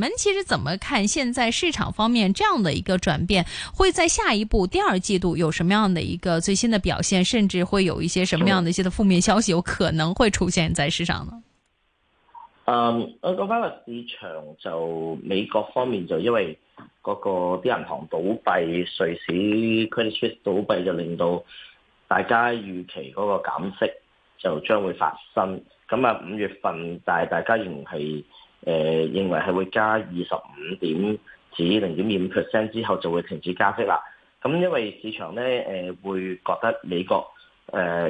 們其實怎麼看現在市場方面這樣的一個轉變，會在下一步第二季度有什麼樣的一個最新的表現，甚至會有一些什麼樣的一些的負面消息有可能會出現在市場呢？嗯，我講翻，個市場就美國方面就因為嗰個啲銀行倒閉，瑞士 Credit Suisse 倒閉就令到大家預期嗰個減息就將會發生。咁啊五月份，但係大家仍然係，誒、呃、認為係會加二十五點至零點二五 percent，之後就會停止加息啦。咁因為市場咧誒、呃、會覺得美國誒、呃、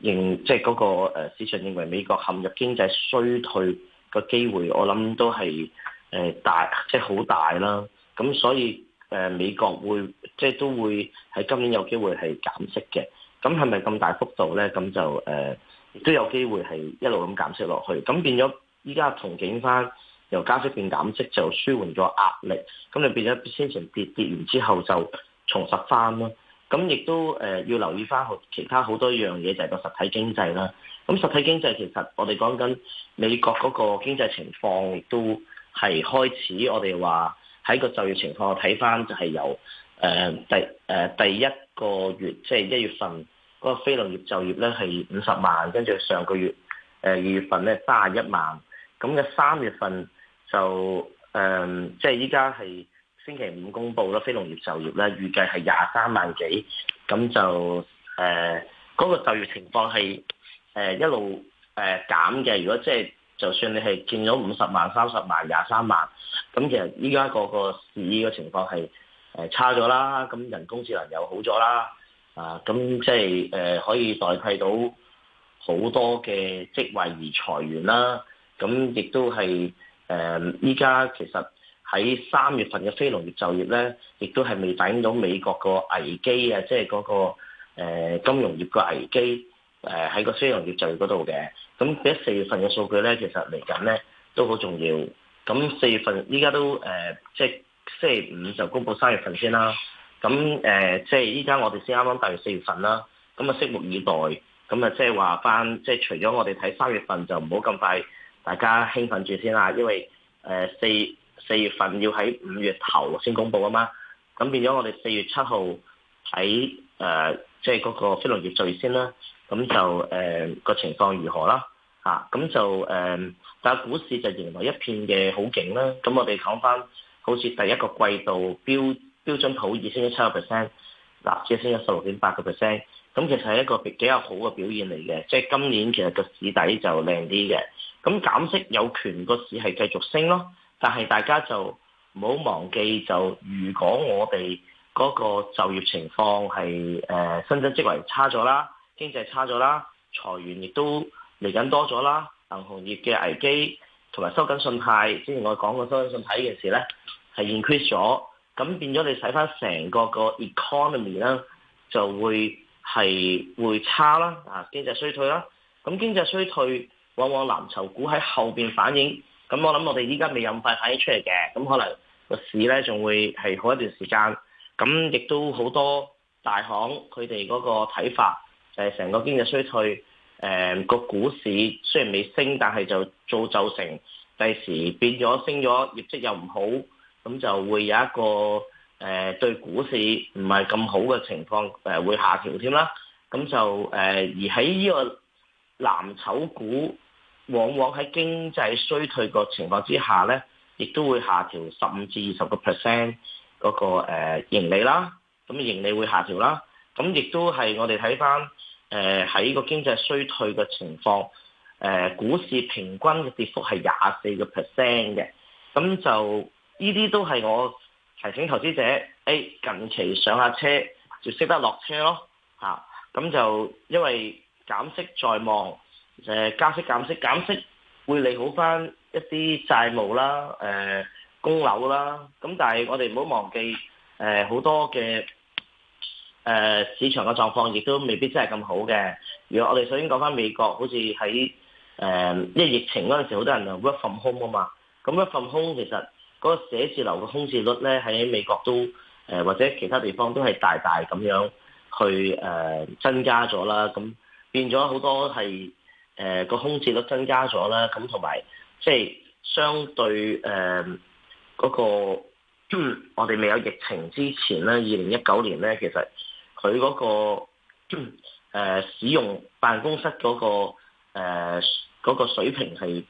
認即係嗰個、呃、市場認為美國陷入經濟衰退嘅機會我想，我諗都係誒大即係好大啦。咁所以誒、呃、美國會即係、就是、都會喺今年有機會係減息嘅。咁係咪咁大幅度咧？咁就誒、呃、都有機會係一路咁減息落去。咁變咗。依家重景翻，由加息變減息就舒緩咗壓力，咁就變咗先前跌跌完之後就重拾翻啦。咁亦都誒要留意翻好其他好多樣嘢，就係、是、個實體經濟啦。咁實體經濟其實我哋講緊美國嗰個經濟情況，亦都係開始我哋話喺個就業情況睇翻，就係由誒第誒第一個月即係一月份嗰個非農業就業咧係五十萬，跟住上個月誒二、呃、月份咧三十一萬。咁嘅三月份就、嗯、即係依家係星期五公佈啦，非農業就業咧，預計係廿三萬幾，咁就誒嗰、呃嗰個就業情況係、呃、一路、呃、減嘅。如果即係就算你係見咗五十萬、三十萬、廿三萬，咁其實依家個個市嘅情況係差咗啦。咁人工智能又好咗啦，啊咁即係、呃、可以代替到好多嘅職位而裁員啦。咁亦都係誒，依、呃、家其實喺三月份嘅非農業就業咧，亦都係未反映到美國個危機啊，即係嗰個、呃、金融業個危機喺、呃、個非農業就業嗰度嘅。咁一四月份嘅數據咧，其實嚟緊咧都好重要。咁四月份依家都誒，即係星期五就公佈三月份先啦。咁即係依家我哋先啱啱大約四月份啦，咁啊，拭目以待。咁啊，即係話翻，即係除咗我哋睇三月份，就唔好咁快。大家興奮住先啦，因為誒四四月份要喺五月頭先公佈啊嘛，咁變咗我哋四月七號睇誒，即係嗰個非農業最先啦，咁就誒個、呃、情況如何啦？嚇、啊，咁就誒、呃，但係股市就仍然一片嘅好景啦。咁我哋講翻，好似第一個季度標標準普爾升咗七個 percent，納指升咗十六點八個 percent，咁其實係一個比較好嘅表現嚟嘅，即、就、係、是、今年其實個市底就靚啲嘅。咁減息有權個市係繼續升咯，但係大家就唔好忘記，就如果我哋嗰個就業情況係誒新增職位差咗啦，經濟差咗啦，裁員亦都嚟緊多咗啦，銀行業嘅危機同埋收緊信貸，之前我講過收緊信貸嘅事咧係 increase 咗，咁變咗你使翻成個個 economy 啦，就會係會差啦，啊經濟衰退啦，咁經濟衰退。往往藍籌股喺後邊反應，咁我諗我哋依家未有快反應出嚟嘅，咁可能個市咧仲會係好一段時間。咁亦都好多大行佢哋嗰個睇法，就係成個經濟衰退，誒、嗯、個股市雖然未升，但係就造就成第時變咗升咗業績又唔好，咁就會有一個誒、呃、對股市唔係咁好嘅情況，誒會下調添啦。咁就誒、呃、而喺呢個藍籌股。往往喺經濟衰退個情況之下咧，亦都會下調十五至二十個 percent 嗰個盈利啦。咁盈利會下調啦。咁亦都係我哋睇返誒喺個經濟衰退嘅情況，誒、呃、股市平均嘅跌幅係廿四個 percent 嘅。咁就呢啲都係我提醒投資者，誒、欸、近期上下車就識得落車咯。嚇、啊，咁就因為減息在望，誒，加息減息，減息會利好翻一啲債務啦，誒供樓啦。咁但係我哋唔好忘記，誒好多嘅誒市場嘅狀況亦都未必真係咁好嘅。如果我哋首先講翻美國，好似喺誒，因為疫情嗰陣時，好多人就 work from home 啊嘛。咁 work from home 其實嗰個寫字樓嘅空置率咧，喺美國都誒或者其他地方都係大大咁樣去誒增加咗啦。咁變咗好多係。誒個空置率增加咗啦，咁同埋即係相對誒嗰、呃那個、嗯、我哋未有疫情之前咧，二零一九年咧，其實佢嗰、那個、嗯呃、使用辦公室嗰、那個誒、呃那個、水平係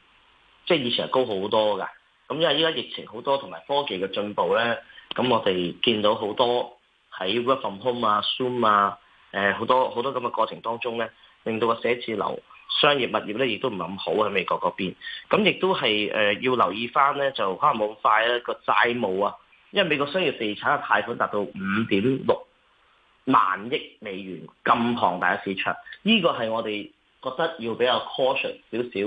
即係以前係高好多㗎。咁因為依家疫情好多，同埋科技嘅進步咧，咁我哋見到好多喺 Work from Home 啊、Zoom 啊、誒、呃、好多好多咁嘅過程當中咧，令到個寫字樓商業物業咧，亦都唔係咁好喺美國嗰邊。咁亦都係誒、呃、要留意翻咧，就可能冇咁快啊、嗰個債務啊，因為美國商業地產嘅貸款達到五點六萬億美元咁龐大嘅市場。呢、呢個係我哋覺得要比較 cautious 少少，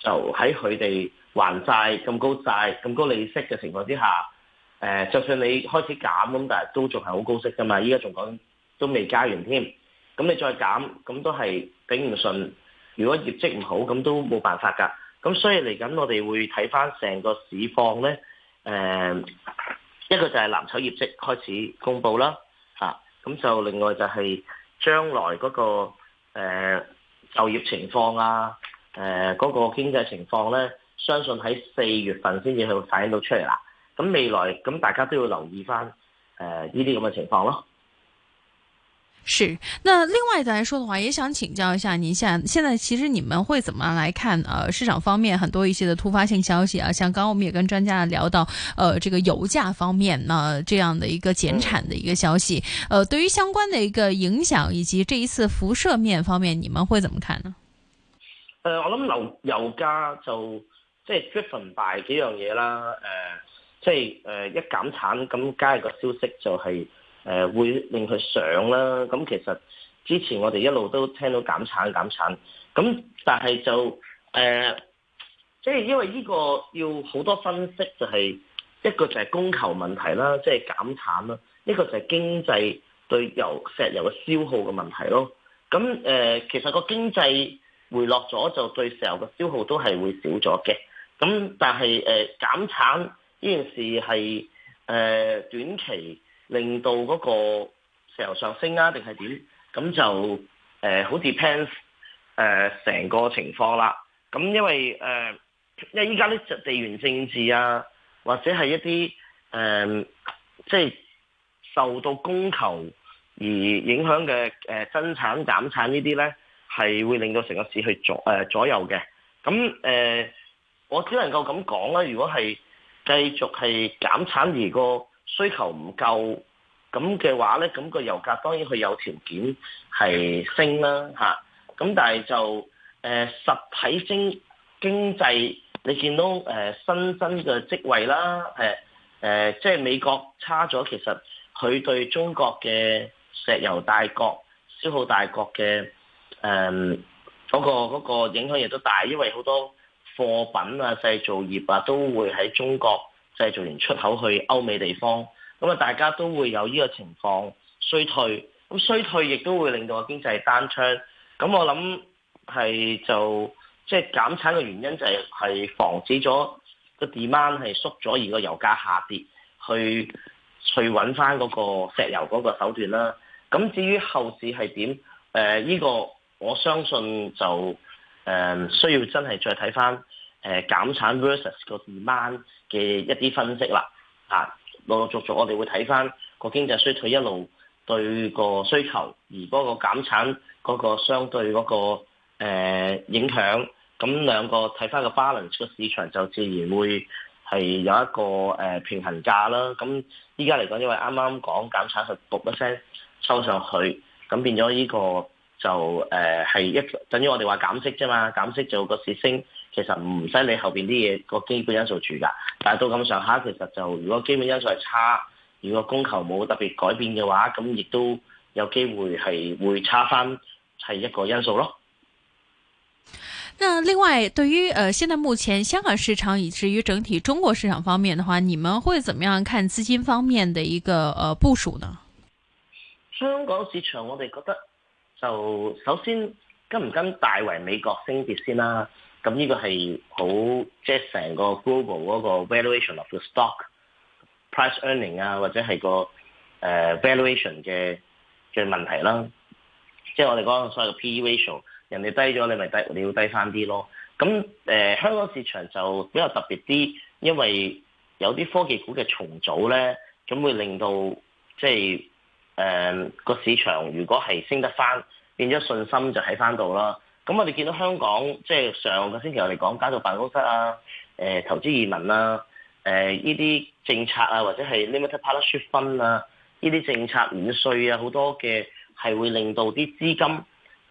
就喺佢哋還債咁高債、咁高利息嘅情況之下，誒、呃、就算你開始減咁，但係都仲係好高息㗎嘛。依家仲講都未加完添，咁你再減咁都係頂唔順。如果業績唔好，咁都冇辦法㗎。咁所以嚟緊，我哋會睇翻成個市況呢。誒、呃，一個就係藍籌業績開始公布啦。嚇、啊，咁就另外就係將來嗰、那個誒、呃、就業情況啊，誒、呃，嗰、那個經濟情況呢，相信喺四月份先至去反映到出嚟啦。咁未來，咁大家都要留意翻誒呢啲咁嘅情況咯。是，那另外再來說的話，也想請教一下您一下，現現在其實你們會怎麼來看、啊？呃，市場方面很多一些的突發性消息啊，像剛，剛我們也跟專家聊到，呃，這個油價方面呢、啊，這樣的一個減產的一個消息，嗯、呃，對於相關的一個影響以及這一次輻射面方面，你們會怎麼看呢？呃，我諗油油價就即係 driven by 幾樣嘢啦，呃即係呃一減產，咁加一個消息就係、是。誒會令佢上啦，咁其實之前我哋一路都聽到減產減產，咁但係就誒，即係因為呢個要好多分析，就係一個就係供求問題啦，即係減產啦，一個就係經濟對油石油嘅消耗嘅問題咯。咁誒，其實個經濟回落咗就對石油嘅消耗都係會少咗嘅。咁但係誒減產呢件事係誒短期。令到嗰個石油上升啊，定係點？咁就誒，好似 depends 成個情況啦。咁因為誒、呃，因為依家咧就地緣政治啊，或者係一啲誒，即、呃、係、就是、受到供求而影響嘅誒、呃、增產減產些呢啲咧，係會令到成個市去左誒左右嘅。咁誒、呃，我只能夠咁講啦。如果係繼續係減產而個。需求唔夠，咁嘅話呢，咁個油價當然佢有條件係升啦，嚇。咁但係就誒實體經經濟，你見到誒新增嘅職位啦，誒誒，即係美國差咗，其實佢對中國嘅石油大國、消耗大國嘅誒嗰個影響亦都大，因為好多貨品啊、製造業啊都會喺中國。製造完出口去歐美地方，咁啊大家都會有呢個情況衰退，咁衰退亦都會令到個經濟單槍，咁我諗係就即係、就是、減產嘅原因就係係防止咗個 demand 係縮咗而個油價下跌，去去揾翻嗰個石油嗰個手段啦。咁至於後市係點？誒、呃、依、這個我相信就誒、呃、需要真係再睇翻。誒減產 versus 個 demand 嘅一啲分析啦，啊，陸陸續續我哋會睇翻個經濟衰退一路對個需求，而嗰個減產嗰個相對嗰、那個、呃、影響，咁兩個睇翻個 balance 個市場就自然會係有一個、呃、平衡價啦。咁依家嚟講，因為啱啱講減產係噥一聲收上去，咁變咗呢個就係、呃、一等於我哋話減息啫嘛，減息就個市升。其實唔使理後邊啲嘢，個基本因素住噶。但係到咁上下，其實就如果基本因素係差，如果供求冇特別改變嘅話，咁亦都有機會係會差翻係一個因素咯。那另外對於誒，現在目前香港市場，以至於整體中國市場方面的話，你們會怎麼樣看資金方面的一個誒部署呢？香港市場我哋覺得就首先跟唔跟大圍美國升跌先啦，啊。咁呢個係好即係成個 global 嗰個 valuation of the stock price earning 啊，或者係、那個誒、呃、valuation 嘅嘅問題啦。即、就、係、是、我哋講所謂嘅 PE ratio，人哋低咗，你咪低，你要低翻啲咯。咁誒、呃、香港市場就比較特別啲，因為有啲科技股嘅重組咧，咁會令到即係誒個市場如果係升得翻，變咗信心就喺翻度啦。咁我哋見到香港，即、就、係、是、上個星期我哋講家族辦公室啊、呃，投資移民啊，呢、呃、啲政策啊，或者係 limited partnership fund 啊，呢啲政策免稅啊，好多嘅係會令到啲資金誒、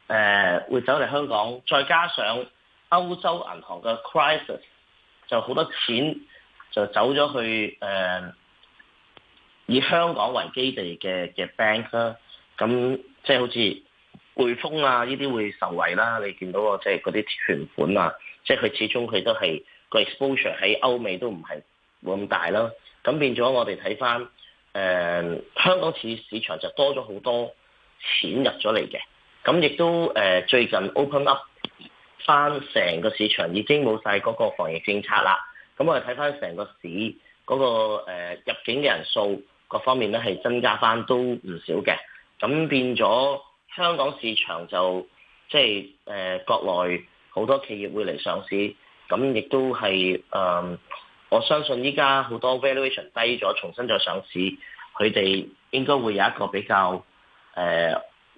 呃、會走嚟香港，再加上歐洲銀行嘅 crisis，就好多錢就走咗去誒、呃、以香港為基地嘅嘅 bank 啦、啊，咁即係好似。匯豐啊，呢啲會受惠啦。你見到啊，即係嗰啲存款啊，即係佢始終佢都係個 exposure 喺歐美都唔係冇咁大啦。咁變咗，我哋睇翻誒香港市市場就多咗好多錢入咗嚟嘅。咁亦都誒、呃、最近 open up 翻成個市場已經冇晒嗰個防疫政策啦。咁我哋睇翻成個市嗰、嗰個、呃、入境嘅人數各方面咧係增加翻都唔少嘅。咁變咗。香港市場就即係誒國內好多企業會嚟上市，咁亦都係誒、呃、我相信依家好多 valuation 低咗，重新再上市，佢哋應該會有一個比較誒、呃、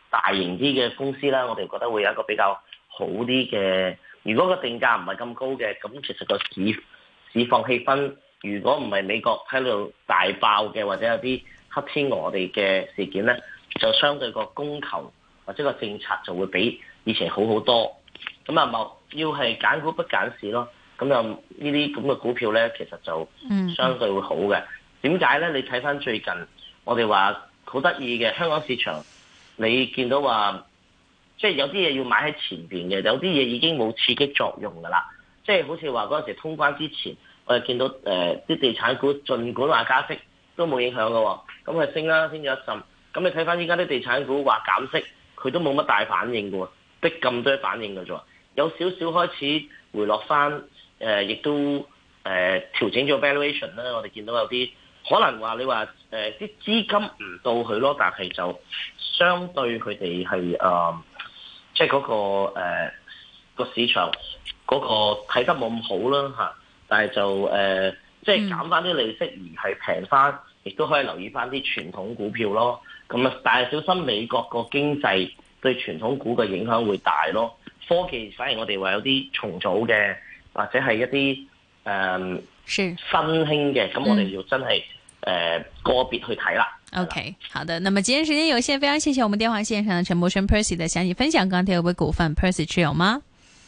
大型啲嘅公司啦。我哋覺得會有一個比較好啲嘅。如果個定價唔係咁高嘅，咁其實個市市況氣氛，如果唔係美國喺度大爆嘅，或者有啲黑天鵝地嘅事件咧，就相對個供求。或者個政策就會比以前好好多咁啊！咪要係揀股不揀市咯。咁就呢啲咁嘅股票咧，其實就相對會好嘅。點解咧？你睇翻最近我哋話好得意嘅香港市場，你見到話即係有啲嘢要買喺前邊嘅，有啲嘢已經冇刺激作用㗎啦。即係好似話嗰陣時通關之前，我哋見到誒啲地產股，儘管話加息都冇影響㗎喎，咁佢升啦，升咗一陣。咁你睇翻依家啲地產股話減息。佢都冇乜大反應嘅喎，逼咁多反應㗎。啫，有少少開始回落翻，誒、呃，亦都誒、呃、調整咗 valuation 啦。我哋見到有啲可能話你話誒啲資金唔到佢咯，但係就相對佢哋係誒，即係嗰個誒個、呃、市場嗰個睇得冇咁好啦，但係就誒即係減翻啲利息而係平翻。亦都可以留意翻啲傳統股票咯，咁啊，但係小心美國個經濟對傳統股嘅影響會大咯。科技反而我哋話有啲重組嘅，或者係一啲誒、呃、是新興嘅，咁我哋要真係誒、嗯呃、個別去睇啦。OK，好的，那麼今天時間有限，非常謝謝我們電話線上的陳柏軒 Percy 的詳細分享。剛才有冇股份 Percy 持有嗎？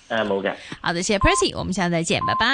誒冇嘅。的好的，謝謝 Percy 我們下次再見，拜拜。